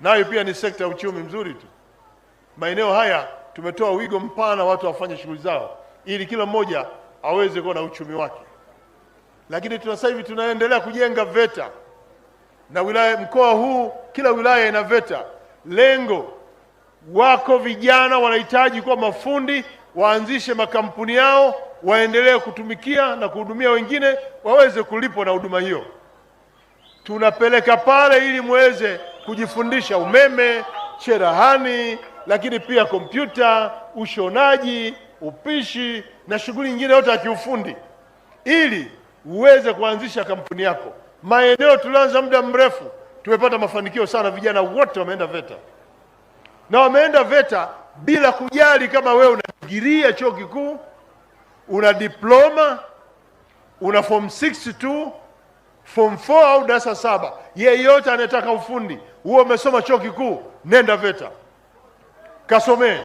nayo pia ni sekta ya uchumi mzuri tu. Maeneo haya tumetoa wigo mpana, watu wafanye shughuli zao ili kila mmoja aweze kuwa na uchumi wake. Lakini tuna sasa hivi tunaendelea kujenga VETA na wilaya, mkoa huu kila wilaya ina VETA. Lengo wako vijana wanahitaji kuwa mafundi, waanzishe makampuni yao, waendelee kutumikia na kuhudumia wengine, waweze kulipwa na huduma hiyo tunapeleka pale ili muweze kujifundisha umeme, cherahani, lakini pia kompyuta, ushonaji, upishi na shughuli nyingine yote ya kiufundi ili uweze kuanzisha kampuni yako. Maeneo tulianza muda mrefu, tumepata mafanikio sana. Vijana wote wameenda VETA na wameenda VETA bila kujali kama wewe una degree ya chuo kikuu, una diploma, una form 6 tu form 4 au darasa saba. Yeyote anayetaka ufundi huo, umesoma chuo kikuu, nenda VETA kasomee.